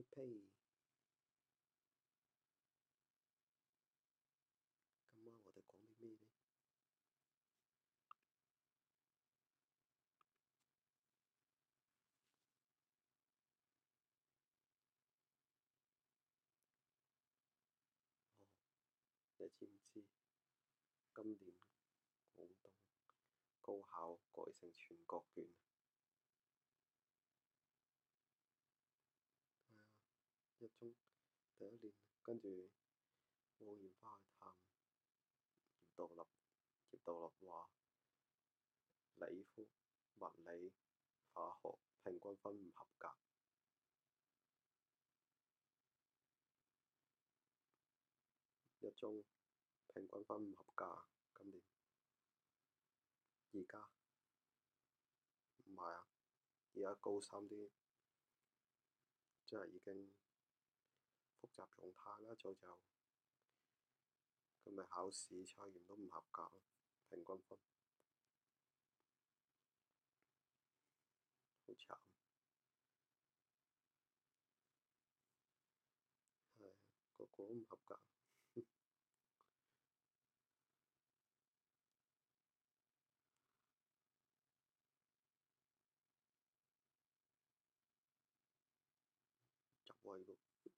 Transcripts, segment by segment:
屁！今晚我哋講啲咩呢？你知唔知今年廣東高考改成全國卷？跟住，我黃炎花探葉道立、葉道立話：理科物理、化學平均分唔合格，一中平均分唔合格啊！今年，而家唔係啊，而家高三啲，即係已經。複雜仲太啦，再就佢咪考試測驗都唔合格，平均分好慘，係個個都唔合格，入唔去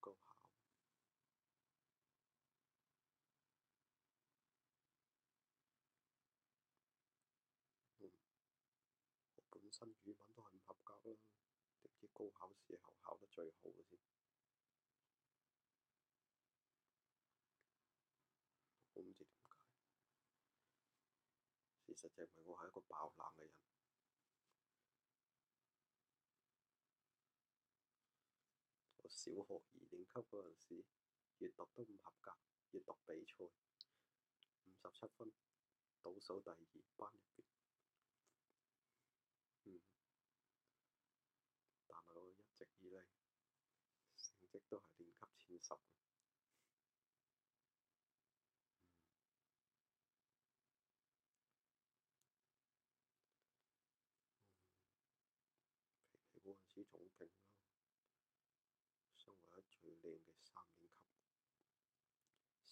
高考？嗯，我本身語文都係唔合格啦，的知高考時候考得最好先，我唔知點解，事實就係我係一個爆冷嘅人。小學二年級嗰陣時閱讀都唔合格，閱讀比賽五十七分，倒數第二班入邊。嗯，但係我一直以嚟成績都係年級前十。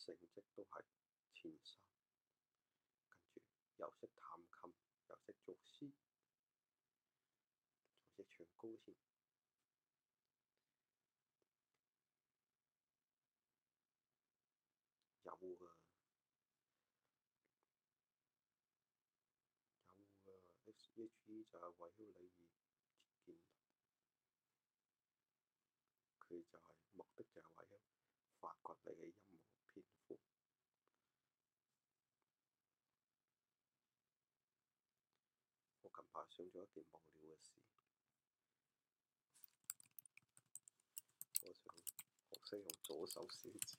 成績都係前三，跟住又識彈琴，又識作詩，仲識唱歌先。有個、啊、有個、啊、SHE 就係為咗你而建，佢就係、是、目的就係為咗發掘你嘅音樂。我近排想咗一件無聊嘅事，我想學識用左手寫字。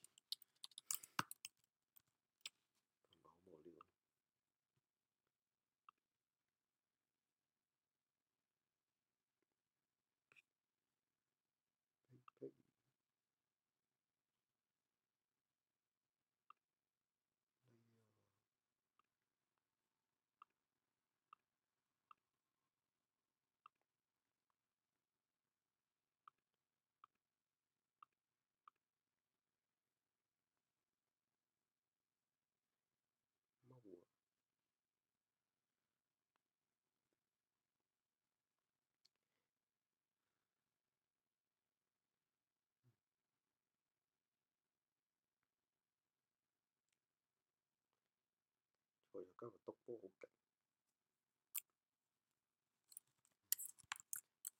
今日督波好勁，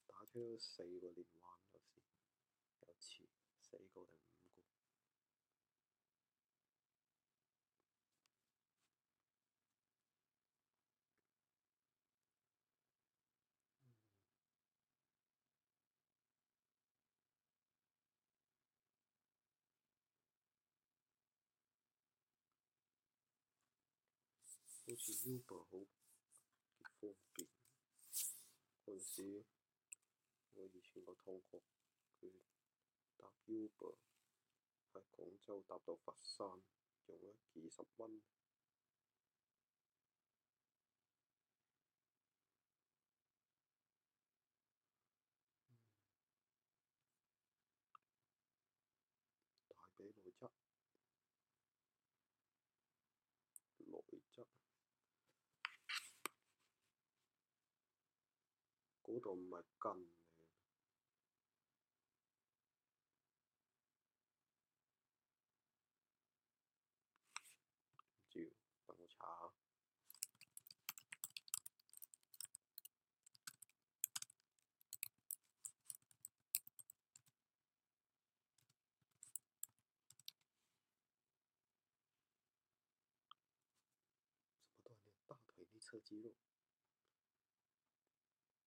打出咗四個連環，有時有次四個定五個。Uber 好，幾方便。嗰陣時，我以前有同學，佢搭 Uber 喺廣州搭到佛山，用咗幾十蚊。不不就當茶。怎麼鍛煉大腿內側肌肉？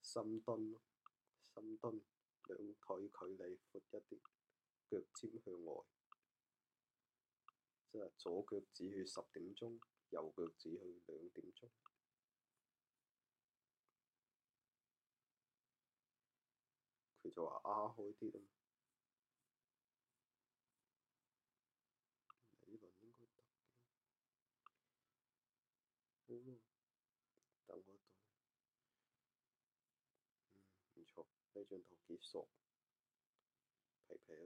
深蹲，深蹲兩腿距離闊一啲，腳尖向外，即係左腳指去十點鐘，右腳指去兩點鐘，佢就話啊，開啲啦。」皮皮都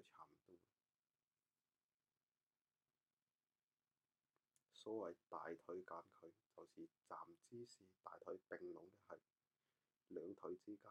差唔多。所謂大腿間距，就是站姿時大腿並攏的是，係兩腿之間。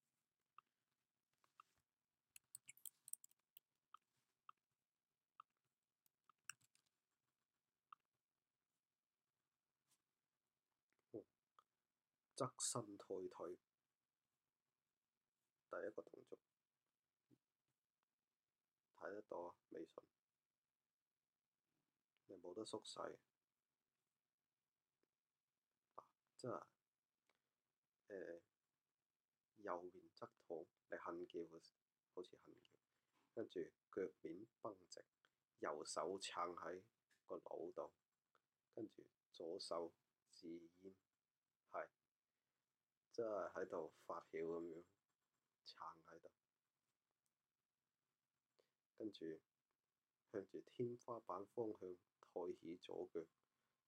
側身退退，第一個動作睇得到啊！微信你冇得縮細，即係誒右面側躺，你恨叫好似恨叫，跟住腳面崩直，右手撐喺個腦度，跟住左手自然。即係喺度發笑咁樣，撐喺度，跟住向住天花板方向抬起左腳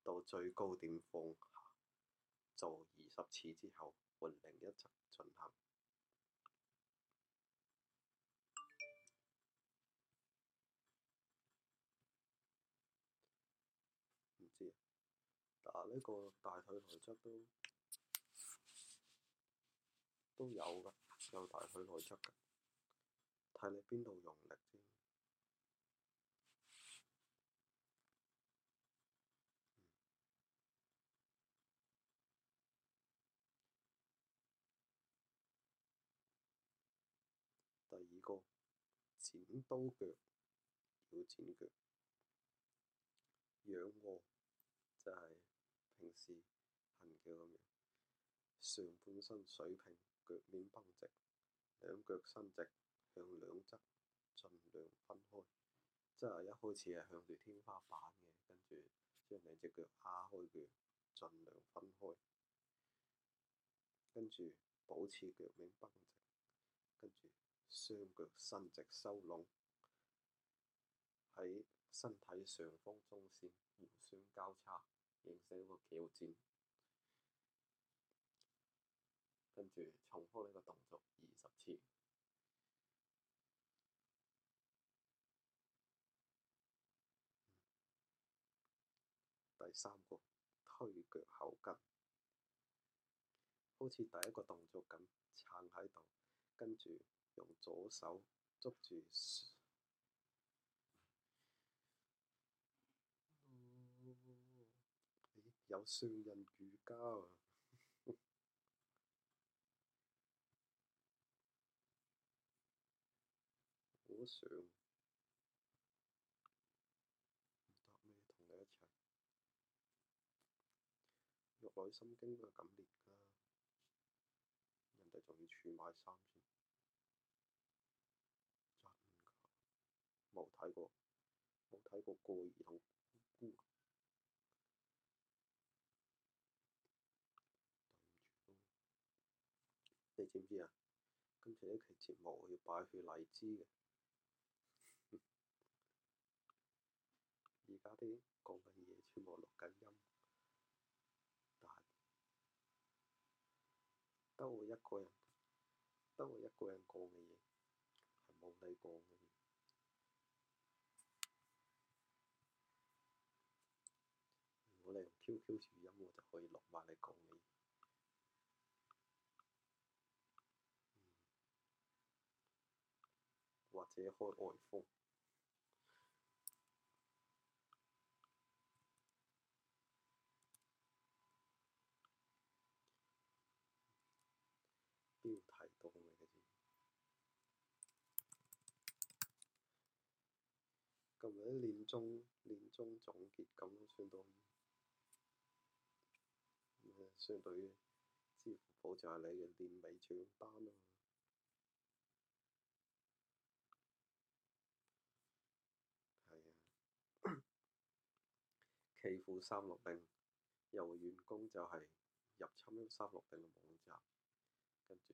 到最高點，放下，做二十次之後換另一側進行。唔知啊？但係呢個大腿內側都～都有㗎，有大腿內側㗎，睇你邊度用力先，嗯。第二個剪刀腳要剪腳，仰臥就係、是、平時行嘅咁樣，上半身水平。腳面崩直，兩腳伸直向兩側，向兩側盡量分開。即係一開始係向住天花板嘅，跟住將兩隻腳叉開佢，盡量分開。跟住保持腳面崩直，跟住雙腳伸直收攏，喺身體上方中線互相交叉，形成一個橋戰。跟住重複呢個動作二十次，嗯。第三個推腳後跟，好似第一個動作咁撐喺度，跟住用左手捉住，嗯、有上人瑜伽喎，啊。上唔得咩？同你一齊，玉女心經都係咁練啦。人哋仲要儲埋三千，真㗎。冇睇過，冇睇過過兒同姑。姑、呃。呃對呃、你知唔知啊？今次呢期節目我要擺去荔枝嘅。家啲講緊嘢，全部錄緊音，但係得我一個人，得我一個人講嘅嘢係冇你講嘅。如果你用 QQ 語音，我就可以錄埋你講嘅嘢，嗯。或者開外放。咁咪年終、年終總結咁，哎，相當誒相對於支付寶就係你嘅年尾賬單啊，係啊，奇虎三六零，有 員工就係入侵三六零嘅網站，跟住。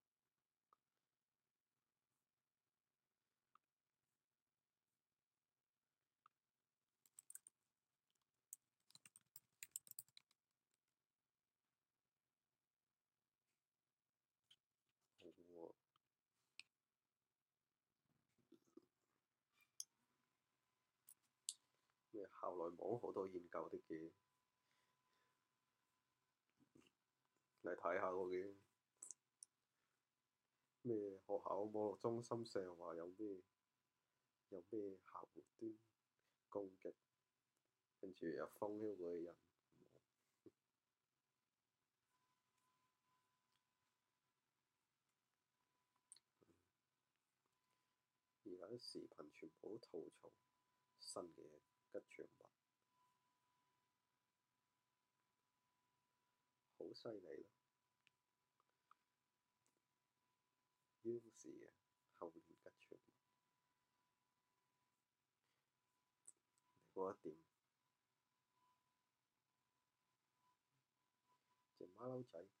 後來冇好多研究啲嘅，嚟睇下我嘅咩學校網絡中心上話有咩有咩客戶端攻擊，跟住又封咗個人，而家啲視頻全部都吐槽新嘅吉祥物，好犀利咯！U 字嘅猴年吉祥物，你覺得點？隻馬騮仔。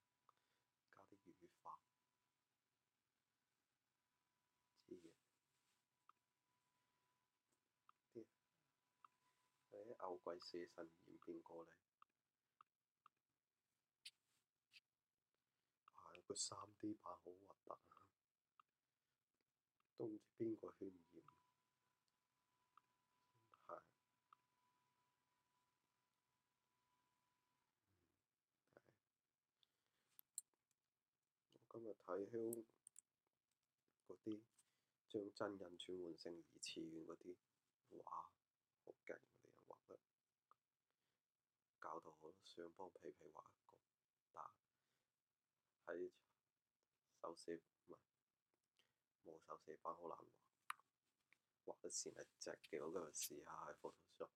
《牛鬼蛇神》演邊個咧？啊，個三 D 版好核突啊！都唔知邊個渲染。係、嗯嗯。今日睇下嗰啲將真人轉換成二次元嗰啲，哇，好勁！搞到我都想幫皮皮畫一個，但係手寫板，冇手寫板好難畫，畫得成一隻嘅。我今日試下喺 Photoshop，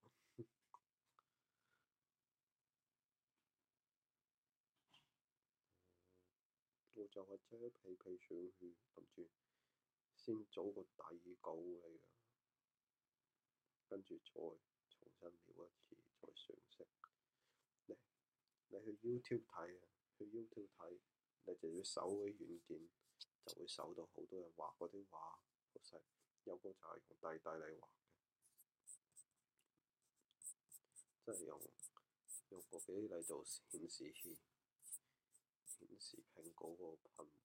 我就係將皮皮上去，諗住先組個底稿嚟，跟住再重新描一次，再上色。你去 YouTube 睇，啊，去 YouTube 睇，你就要搜嗰啲軟件，就會搜到好多人畫嗰啲畫。好細有個就係用筆筆嚟畫嘅，即係用用部機嚟做顯示器，顯示屏嗰個屏。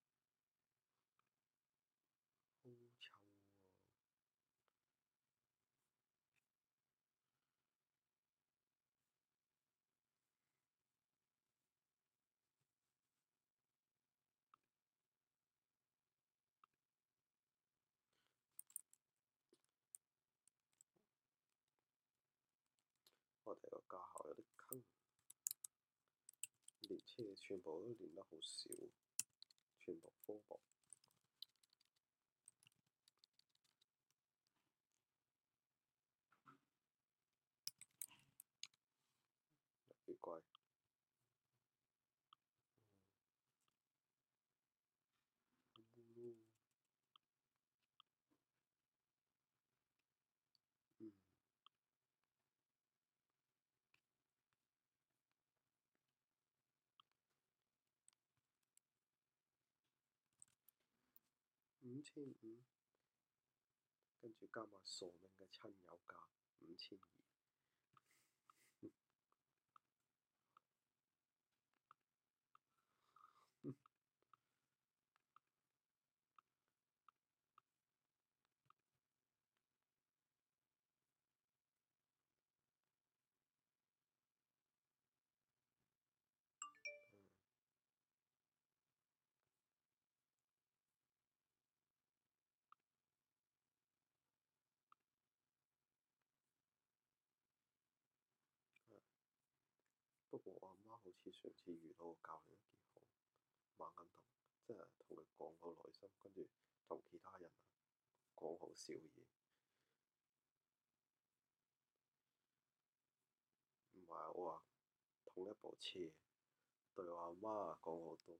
我哋個駕校有啲坑，練車全部都練得好少，全部科博。五千五，跟住加埋傻命嘅親友價五千二。好似上次遇到個教練都幾好，晚咁同，即係同佢講個內心，跟住同其他人講好笑嘢，唔係話同一部車，對我阿媽講好多，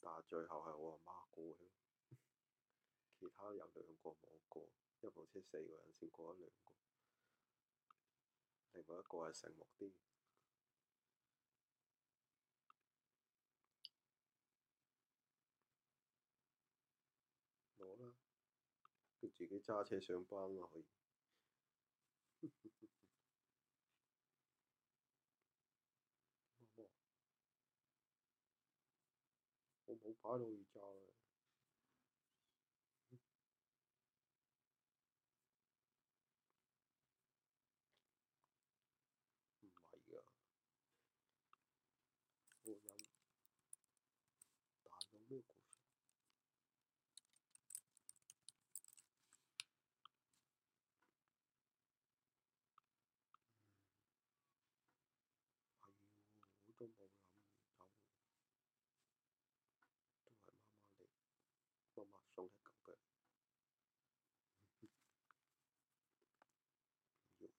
但係最後係我阿媽過其他有兩個冇過，一部車四個人先過咗兩個，另外一個係醒目啲，冇啦，佢自己揸車上班啦、啊，可以， 我冇擺到而家。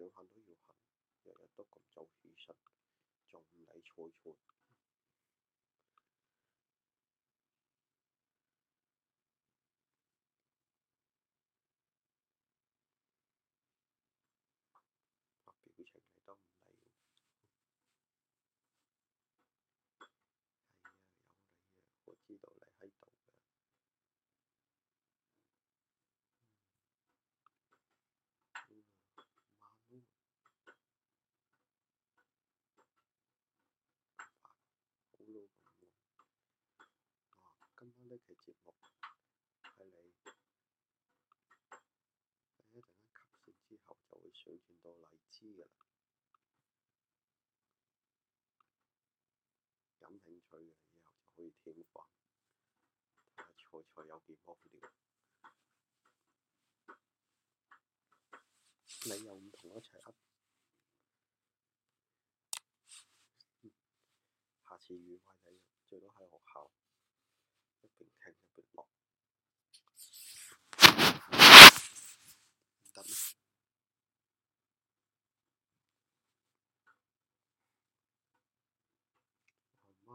想行都要行，日日都咁早起身，仲唔嚟坐坐？嘅節目喺你喺一陣間級完之後，就會上傳到荔枝㗎啦。感興趣嘅以後就可以聽返。睇下菜菜有幾多料？你又唔同我一齊噏？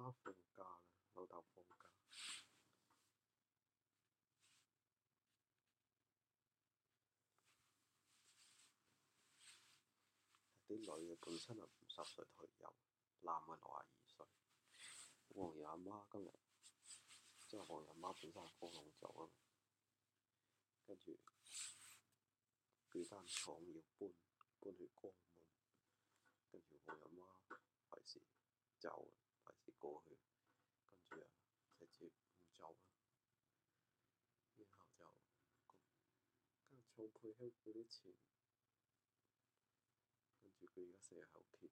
啱放假，老豆放假。啲女嘅本身係五十歲退休，男嘅六十二歲。我阿爺阿媽今日即係我阿爺阿媽本身係放農假，跟住佢間廠要搬搬去江門，跟住我阿媽費事走，啊。還是過去，跟住啊直接唔走啦，然後就跟住配息嗰啲錢，跟住佢而家成日喺屋企。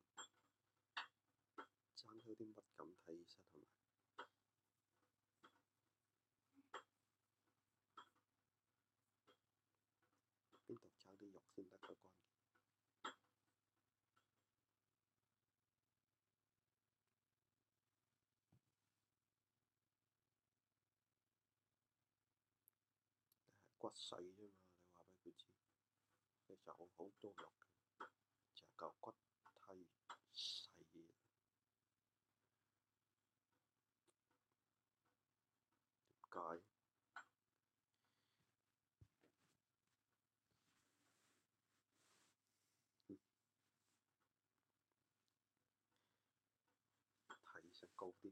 細啫嘛，你話俾佢知，其實有好多肉，成嚿骨太細嘅，點解？睇落高啲。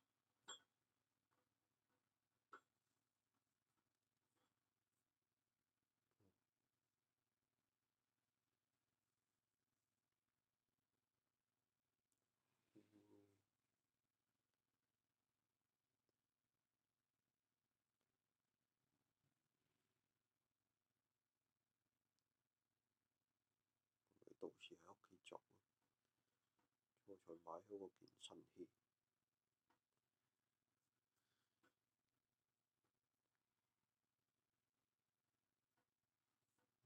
再買好個健身器，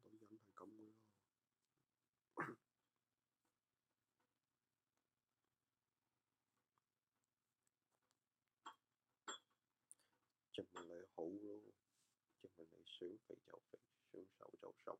女人係咁噶咯， 證明你好咯，證明你想肥就肥，想瘦就瘦。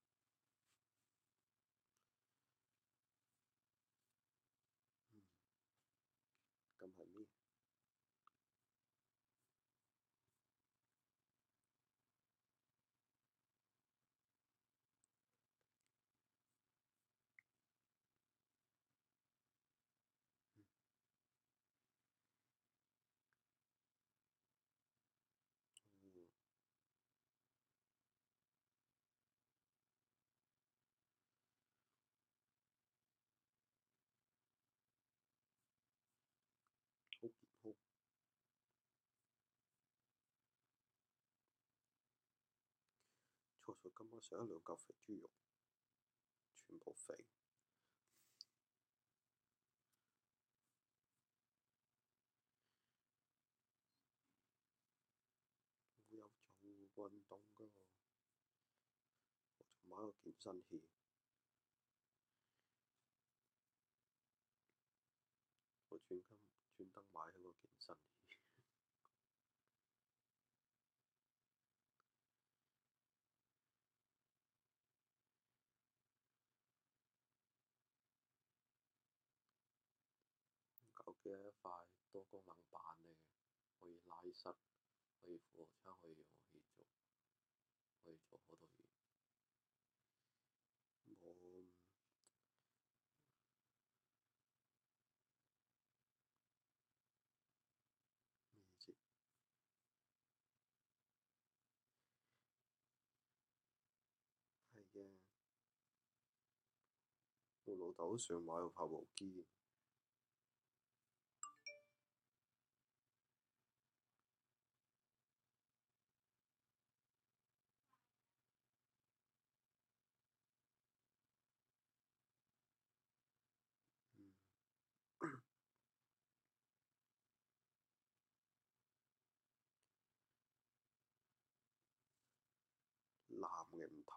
我食一兩嚿肥豬肉，全部肥。我有做運動㗎，我買個健身器。嘅一塊多功能板嚟，可以拉伸，可以俯臥撐，可以做，可以做好多嘢。冇、嗯。我老豆都想買部跑步機。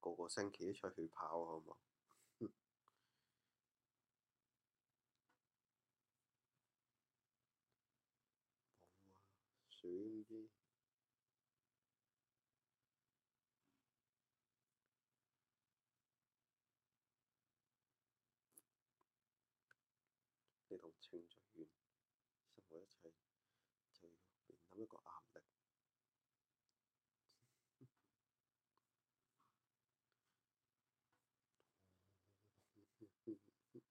個個星期都出去跑，好唔好？冇 啊，少啲。你同程序員生活一齊，就變咗一個阿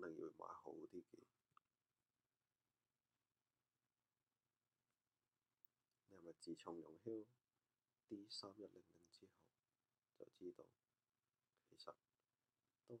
肯定要買好啲嘅。你係咪自從融消 D 3100之後，就知道其實都係。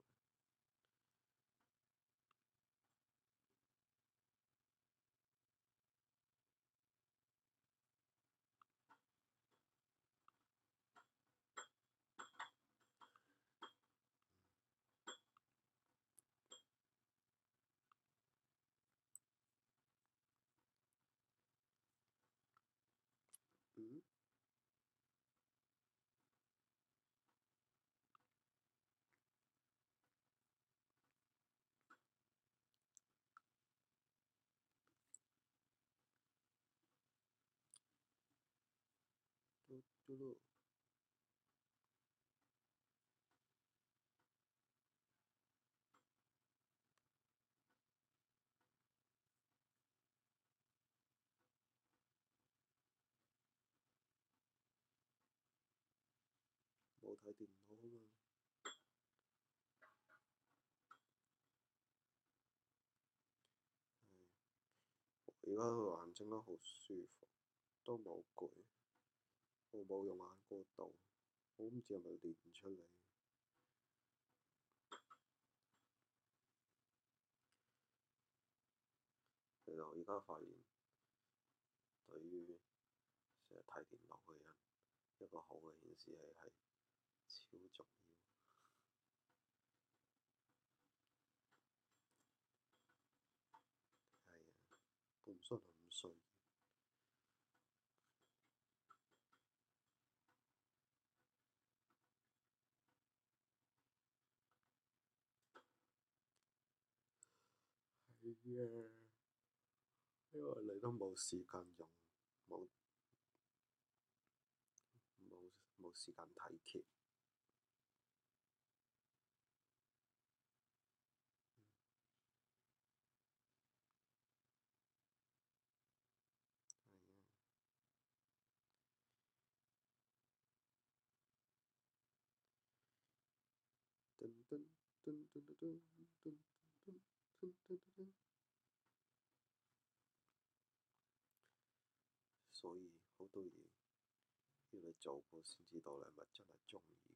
冇睇電腦啊嘛，我冇用眼過度，我唔知係咪練唔出嚟。其實我依家發現，對於成日睇電腦嘅人，一個好嘅顯示器係超重要。係、哎、啊，半瞓又唔睡。Yeah. 因為你都冇時間用，冇冇冇時間睇劇。所以好多嘢要你做過先知道，禮物真係中意。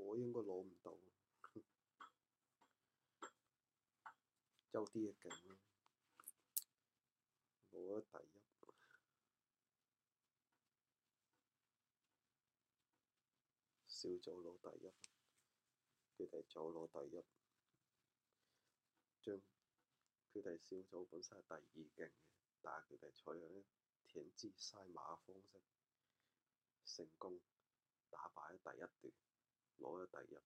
我應該攞唔到，就啲嘅勁咯，攞咗第一小組攞第一，佢哋就攞第一，將佢哋小組本身係第二勁嘅，但係佢哋採用一田忌賽馬嘅方式成功打敗咗第一段。攞咗第一。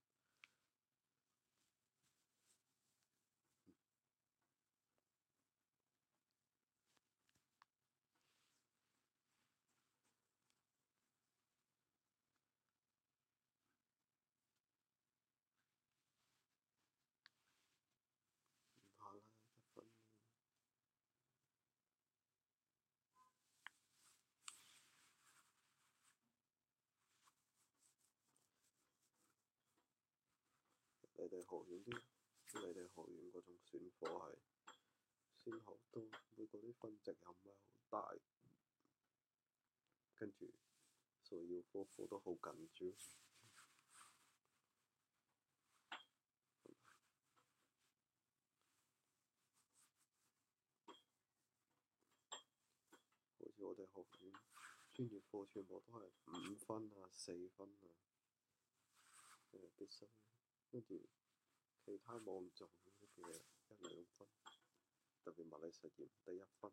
你哋學院啲，你哋學院嗰種選課係選好多，每個啲分值又唔係好大，跟住所以要科科都好緊張。好似我哋學院專業課全部都係五分啊、四分啊，誒必修。跟住其他冇咁重嘅一,一兩分，特別物理實驗得一分。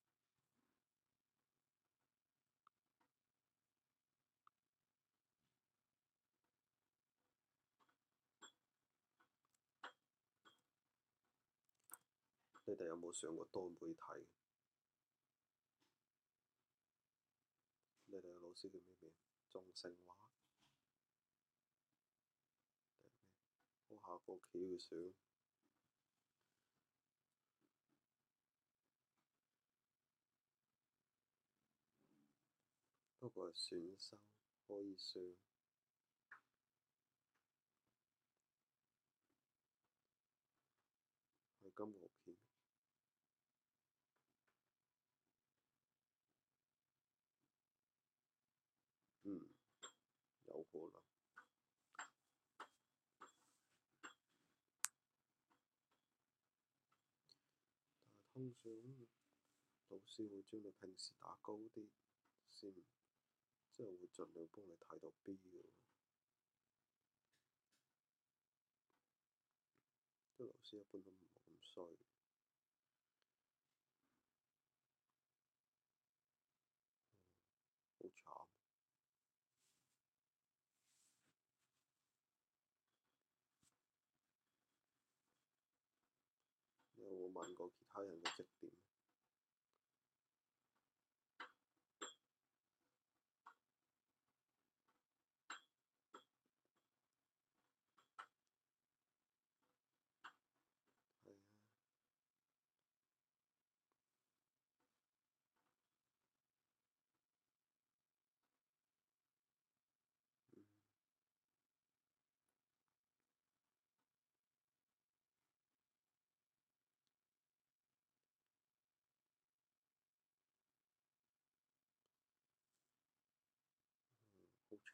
你哋有冇上過多媒體？你哋嘅老師叫咩名？鐘勝華。我下個學期要上。不過選修可以上。老師會將你平時打高啲先即係會盡量幫你睇到 B 嘅。即係老師一般都唔咁衰。問過其他人嘅職點。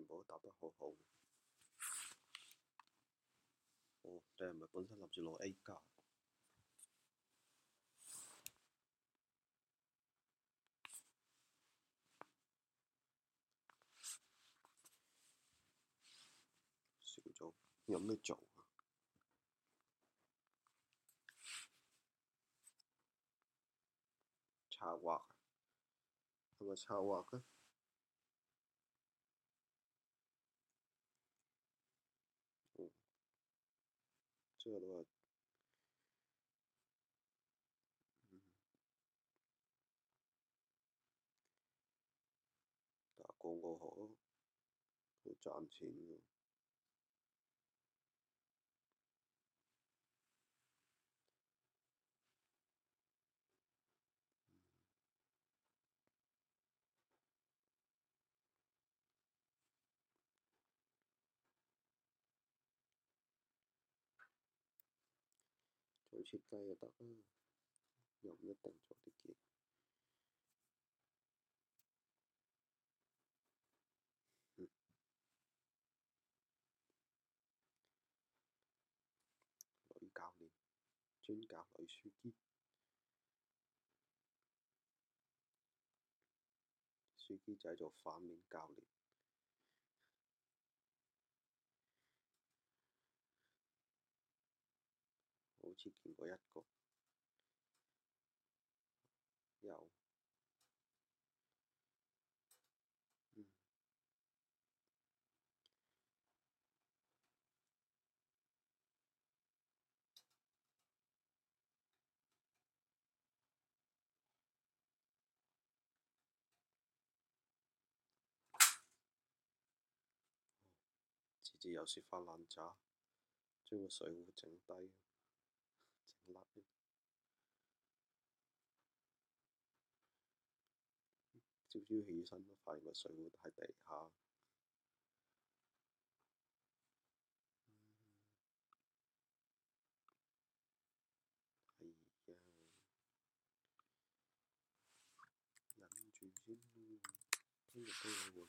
全部都答得好好。哦，你係咪本身諗住攞 A 加？少咗，有咩做啊？查話啊，係咪查話啊？打廣告好賺錢。設計又得啦，又唔一定做得嘅，嗯。女教練專教女司機，司機就係做反面教練。嗰一個有，嗯，次次又是發爛渣，將個水壺整低。嗯、朝朝起身都發現水壺喺地下。忍、嗯、哎呀、住先，今日都有